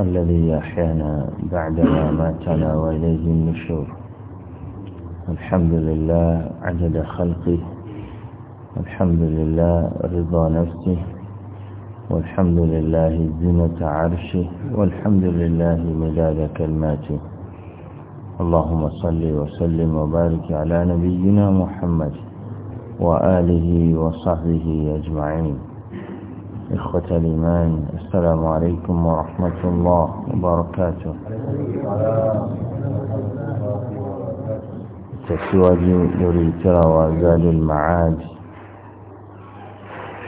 الذي أحيانا بعدما ماتنا وإليه النشور الحمد لله عدد خلقه الحمد لله رضا نفسه والحمد لله زنة عرشه والحمد لله مداد كلماته اللهم صل وسلم وبارك على نبينا محمد وآله وصحبه أجمعين إخوة الإيمان السلام عليكم ورحمة الله وبركاته تسواج لوري ترى وزال المعاد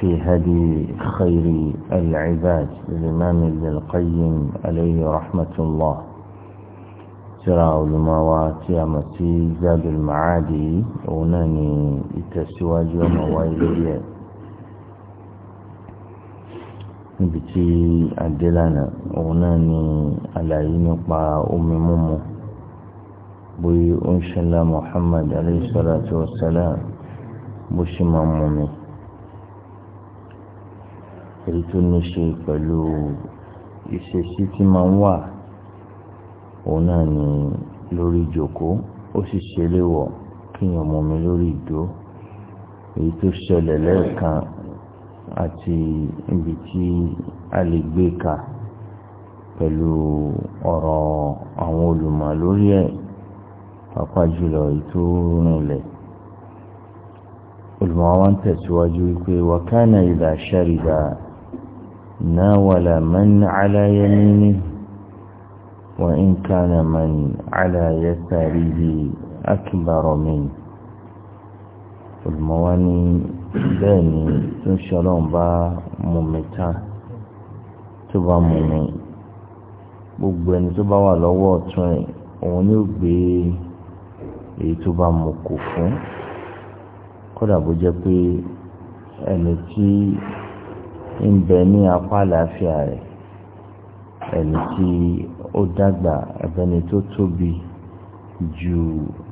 في هدي خير العباد الإمام ابن القيم عليه رحمة الله ترى علماوات يا مسي زاد المعاد وناني تسواج وموائد níbi tí adélànà òun náà ni àlàyé nípa omi mímu bí ó ń ṣẹlẹ̀ Muhammad alayhi salatu wa salam bó ṣe máa mú mi èyí tó ní ṣe pẹ̀lú ìṣesí tí máa ń wà òun náà ni lórí ìjòkó ó sì ṣe léwọ̀ kíyàn mú mi lórí ìdó èyí tó ṣẹlẹ̀ lẹ́ẹ̀kan àti ibi tí a lè gbé ka pẹ̀lú ọ̀rọ̀ àwọn olùmọ̀ lórí ẹ̀ pàápàá jùlọ ètò ìrìnlẹ̀ olùmọ̀ wa ń tẹ̀síwájú wípé wakana idha shariba nawala man ala yamini wa in kana man ala yasarihi akbar min olùmọ̀ wa ní bẹ́ẹ̀ ni tó ń ṣọlọ́run bá mú mi tán tó bá mú mi gbogbo ẹni tó bá wà lọ́wọ́ ọ̀tún ẹ̀ òun ni ó gbé èyí tó bá mú kò fún kódà bó jẹ́ pé ẹni tí ń bẹ ní apá àlàáfíà rẹ̀ ẹni tí ó dàgbà ẹbẹni tó tóbi ju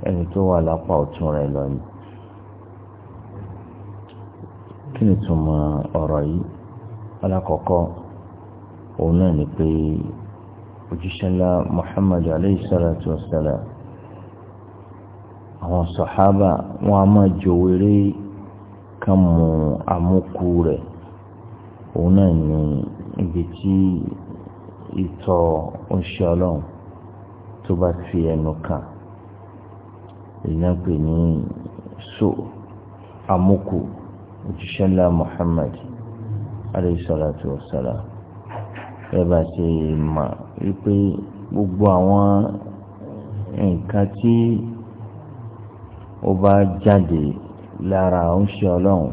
ẹni tó wà lápá ọ̀tún rẹ̀ lọ kí ni túmọ̀ ọ̀rọ̀ yìí alákọ̀ọ́kọ́ òun náà ni pé òjíṣẹ́lá muhammadu aleyhi salatu wa salam àwọn sọ̀hábà wọn a máa jòwèrè kan mu amúkú rẹ̀ òun náà ni ibi tí ìtọ̀ oṣù ọlọ́run tó bá fi ẹnu kàn èyí pè ní so amúkú òjíṣẹ́ ńlá Muhammad aleyhisalatu wasala ẹ bá ṣe mà wípé gbogbo àwọn nǹkan tí ó bá jáde lára oúnṣẹ ọlọ́run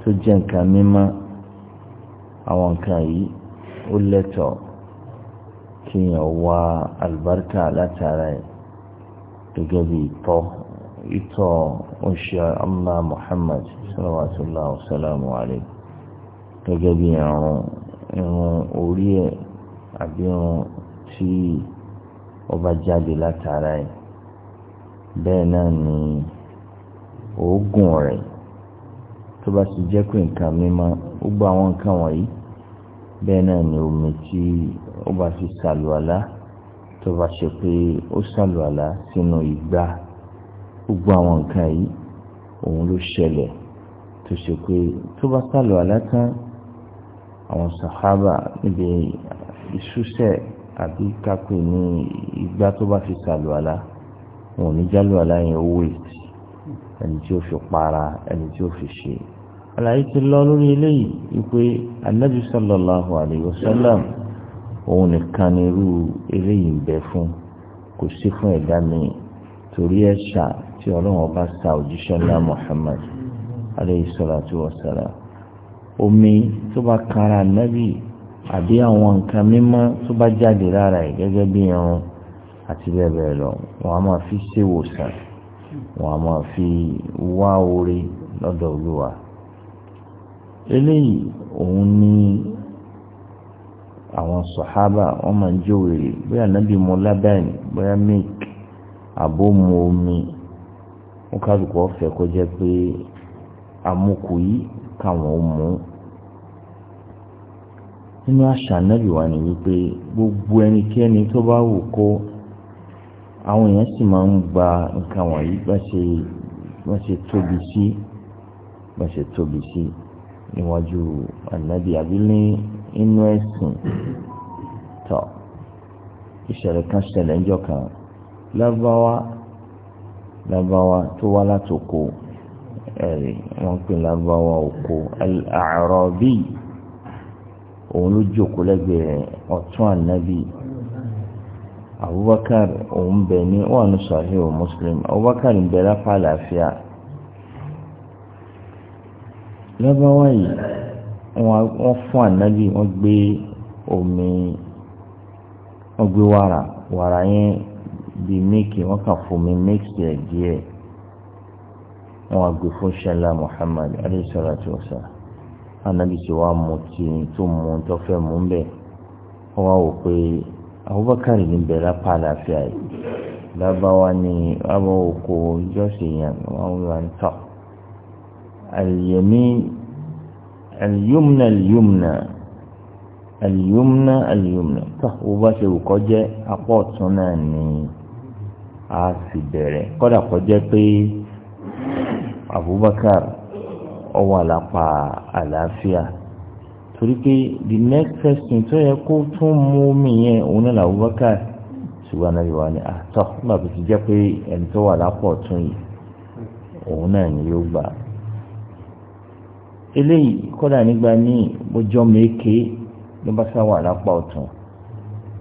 tó jẹ́ nǹkan mímọ́ àwọn nǹkan yìí ó lẹ́tọ̀ọ́ kéèyàn wá àlùbáríkà látara ẹ̀ gẹ́gẹ́ bí ìtọ́ ìtọ̀ oṣù amma Muhammad salawatullahi wa salamu alayhi gẹ́gẹ́ bí irun irun orí ẹ̀ àbí irun tí ọba jáde látara ẹ̀ bẹ́ẹ̀ náà ni oògùn rẹ̀ tó bá ti jẹ́ pé nǹkan mímọ́ gbogbo àwọn nǹkan wọ̀nyí bẹ́ẹ̀ náà ni omi tí ó bá fi sàlùwàlá tó bá ṣe pé ó sàlùwàlá sínú igbá gbogbo àwọn nǹkan yìí òun ló ṣẹlẹ̀ tó ṣe pé tó bá sálọ alátán àwọn sàhábà níbi ìṣúṣẹ àbí kápẹ ní ìgbà tó bá fi sálọ àlá wọn ò ní jálọ àlá yẹn ó wéètì ẹni tí ó fi para ẹni tí ó fi ṣe àlàyé ti lọ lórí eléyìí wípé anabi sallallahu alayhi wa sallam òun nìkan ni irú eléyìí ń bẹ fún kò sí fún ẹ̀dá mi torí ẹ̀ ṣáà tí ọlọ́run ọba sa òjíṣẹ́ ńlá Muhammad alayhi salatu wa salam omi tó bá kára nábì àbí àwọn nǹkan mímọ́ tó bá jáde lára ẹ̀ gẹ́gẹ́ bí irun àti bẹ́ẹ̀ bẹ́ẹ̀ lọ wọn a máa fi ṣèwòsàn wọn a máa fi wá orí lọ́dọ̀ olúwa eléyìí òun ní àwọn sọ̀hábà wọn máa ń jó wèrè bóyá nábì mu lábẹ́ẹ̀ni bóyá milk àbó mu omi wọn kálukú ọ̀fẹ́ kó jẹ́ pé amúkú yìí káwọn ó mú nínú àṣà nábì wa ni wípé gbogbo ẹnikẹ́ni tó bá wù kó àwọn èèyàn sì máa ń gba nǹkan wọ̀nyí bá ṣe bá ṣe tóbi sí bá ṣe tóbi sí níwájú ànábì àbí ní inú ẹ̀sìn tó ìṣẹ̀lẹ̀ kan ṣẹlẹ̀ ńjọ́ kan lábáwá labawa tó wá látòkò ẹ̀rí wọ́n pè lábáwá òkò al-A'rabi òun ló jókòó lẹ́gbẹ̀ẹ́ ọ̀tún ànábì Abubakar òun bẹ̀ ní wọ́n ní Sahih Muslim Abubakar ń bẹ lápá àlàáfíà lábáwá yìí wọ́n fún ànábì wọ́n gbé omi wọ́n gbé wàrà wàrà yẹn. bíi méèkì wọ́n kàn fún mi méèkì ẹ̀ díẹ̀ wọ́n wá gbé fún ṣẹlá Muhammad alayhi salatu wa sallam anabi ti wá mu tí tó mu tó fẹ́ mu bẹ́ẹ̀ wọ́n wá wò pé Abubakar ní bẹ̀rẹ̀ lápá àlàáfíà yìí lábáwá ní abọ́ oko jọ́sìn yẹn wọ́n wá ń tọ́ àlùyẹ̀mí àlùyọ́mùnà àlùyọ́mùnà àlùyọ́mùnà àlùyọ́mùnà tó o bá ṣe wù kọ́ jẹ́ apá ọ̀tún náà ní a sì bẹ̀rẹ̀ kọ́dà kó jẹ́ pé Abubakar ó wà lápá àlàáfíà torí pé the next person tó yẹ kó tún mú mi yẹn òun náà Abubakar ṣùgbọ́n náà yóò wá ní àtọ́ nígbà tó ti jẹ́ pé ẹni tó wà lápá ọ̀tún yìí òun náà ni yóò gbà eléyìí kọ́dà nígbà míì bójọ́ mèéké ló bá sá wà lápá ọ̀tún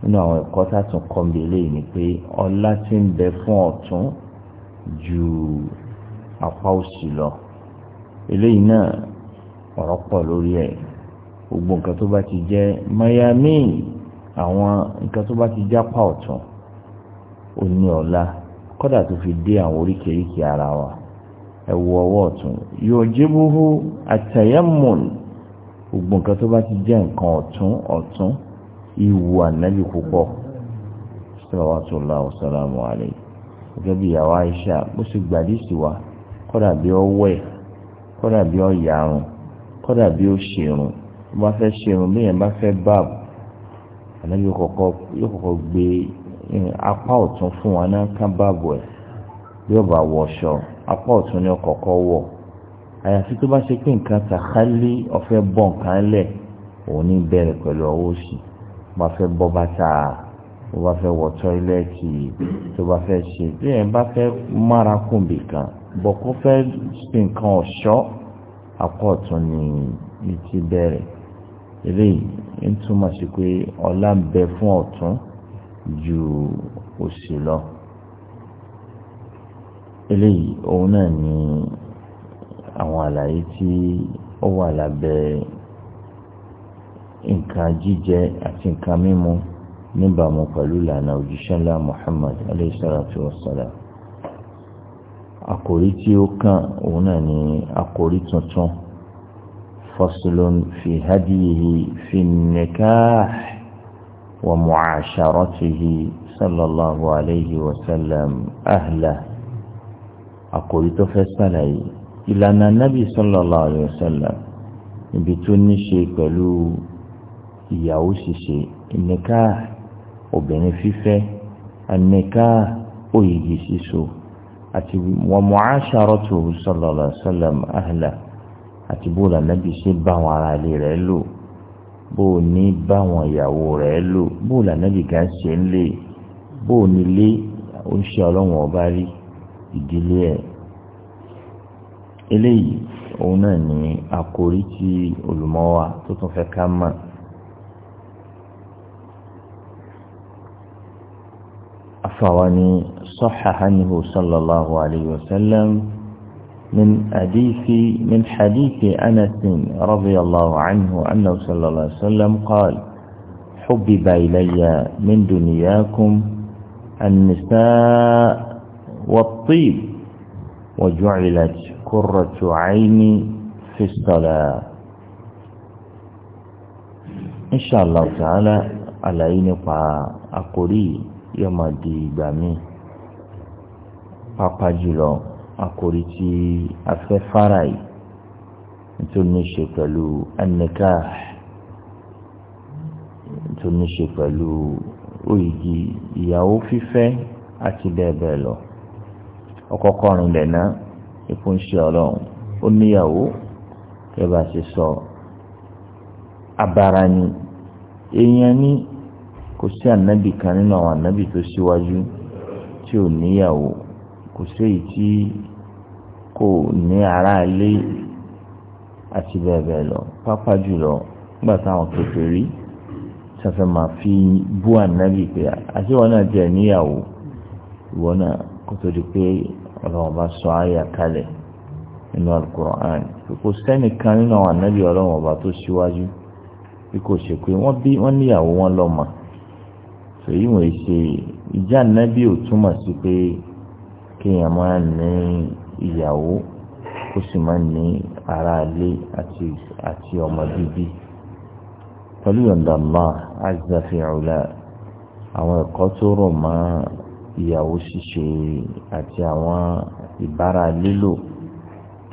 nínú àwọn ẹ̀kọ́ tá a ni pé ọlá tí ń bẹ fún ọ̀tún ju apá òsì lọ eléyìí náà ọ̀rọ̀ pọ̀ lórí ẹ̀ gbogbo nǹkan tó bá ti jẹ́ miami àwọn nǹkan tó bá ti jápá ọ̀tún ó ní ọlá kódà tó fi dé àwọn oríkèéríkèé ara wa ẹ wo ọwọ́ ọ̀tún yóò jíbuhu àtẹ̀yẹ́mùn gbogbo nǹkan tó bá ti jẹ́ nǹkan ọ̀tún ọ̀tún ìwù ànábì púpọ̀ sọlọ́wọ́sọlá ọ̀sọ́lámù àlẹ́ gẹ́gẹ́ bí ìyàwó Aisha bó sì gbàdísì wa kọ́dà bí ó wẹ̀ kọ́dà bí ó yarun kọ́dà bí ó ṣerun bó bá fẹ́ ṣerun bí yẹn bá fẹ́ báàbù ànábì kọ̀kọ́ yóò kọ́kọ́ gbé eh, apá ọ̀tún fún wa náà ká báàbù ẹ̀ yóò bá wọṣọ apá ọ̀tún ni ọkọ̀ọ̀kọ́ wọ̀ àyàfi tó bá ṣe pé nǹkan tàkálí ọ̀fẹ́ bọ̀ nǹkan lẹ̀ òun ní bẹ̀rẹ̀ pẹ̀lú ọwọ́ òsì bá fẹ́ bọ́ bàtà tó bá fẹ́ wọ tọ́ílẹ̀tì tó bá fẹ́ ṣe bí ẹ̀ bá fẹ́ mára kùnbì kan bọ̀ kó fẹ́ ṣe nǹkan ọ̀ṣọ́ apọ̀ ọ̀tún ni ní ti bẹ̀rẹ̀ eléyìí ń túmọ̀ sí pé ọlá ń bẹ fún ọ̀tún ju òsì lọ eléyìí òun náà ni àwọn àlàyé tí ó wà lábẹ́ nǹkan jíjẹ àti nǹkan mímu níbàámu pẹ̀lú ìlànà òjíṣẹ́ ńlá Muhammad alayhi salatu wa salam àkòrí tí ó kàn òun náà ni àkòrí tuntun faslun fi hadiyihi fi nikah wa mu'asharatihi sallallahu alayhi wa sallam ahla àkòrí tó fẹ́ sàlàyé ìlànà nabi sallallahu alayhi wa sallam ibi tó ní ṣe pẹ̀lú ìyàwó ṣíṣe nìka obìnrin fífẹ́ nìka òyìgì ṣíṣo àti wọn mu'asharatu sallallahu alaihi wasallam ahla àti bó lànàbí ṣe bá wọn ara ilé rẹ̀ lò bó ní bá wọn ìyàwó rẹ̀ lò bó lànàbí kan ṣe ń lè bó nílé oṣù ọlọ́wọ́n ọba rí ìdílé ẹ̀ eléyìí òun náà ní àkórí tí olùmọ́wà tó tún fẹ́ ká mọ̀ فواني صحح عنه صلى الله عليه وسلم من حديث من حديث أنس رضي الله عنه أنه صلى الله عليه وسلم قال حبب إلي من دنياكم النساء والطيب وجعلت كرة عيني في الصلاة إن شاء الله تعالى على عيني فأقولي yóò máa di ìgbà míì pàápàá jùlọ àkòrí tí a fẹ́ fara yìí nítorí ní ṣe pẹ̀lú ẹnìká nítorí ní ṣe pẹ̀lú òyìgì ìyàwó fífẹ́ àti bẹ́ẹ̀ bẹ́ẹ̀ lọ ọkọ̀kọ̀rin lẹ̀ náà ọlọ́run ó níyàwó kẹ́ bá ṣe sọ abara èèyàn ní kò sí ànábì kan nínú àwọn ànábì tó síwájú tí ò níyàwó kò sí èyí tí kò ní aráalé àti bẹ́ẹ̀ bẹ́ẹ̀ lọ pápá jùlọ nígbà táwọn kékeré sàfẹ́ máa fi bú ànábì pé àti wọn náà jẹ́ níyàwó ìwọ náà kò tó di pé ọlọ́wọ́n bá sọ ayé àkálẹ̀ nínú alukur'an kò sẹ́nìkan nínú àwọn ànábì ọlọ́wọ́n ọba tó síwájú bí kò ṣe pé wọ́n bí wọ́n níyàwó wọn lọ́mọ èyí wọ́n ṣe ìjà nẹ́bí ò túmọ̀ sí pé kéèyàn máa ní ìyàwó kó sì máa ní aráalé àti àti ọmọ bíbí pẹ̀lú yọ̀ǹda Allah àwọn ẹ̀kọ́ tó rọ̀ mọ́ ìyàwó ṣíṣe àti àwọn ìbára lílò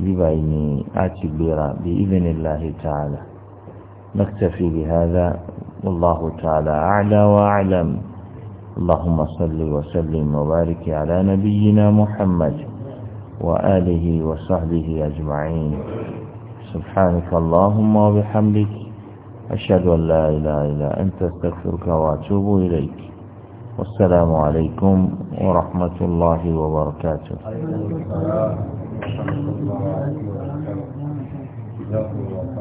bíbá ìní àti gbéra bí idhnillahi ta'ala naktafi bihadha. والله تعالى أعلى وأعلم اللهم صل وسلم وبارك على نبينا محمد وآله وصحبه أجمعين سبحانك اللهم وبحمدك أشهد أن لا إله إلا أنت استغفرك وأتوب إليك والسلام عليكم ورحمة الله وبركاته الله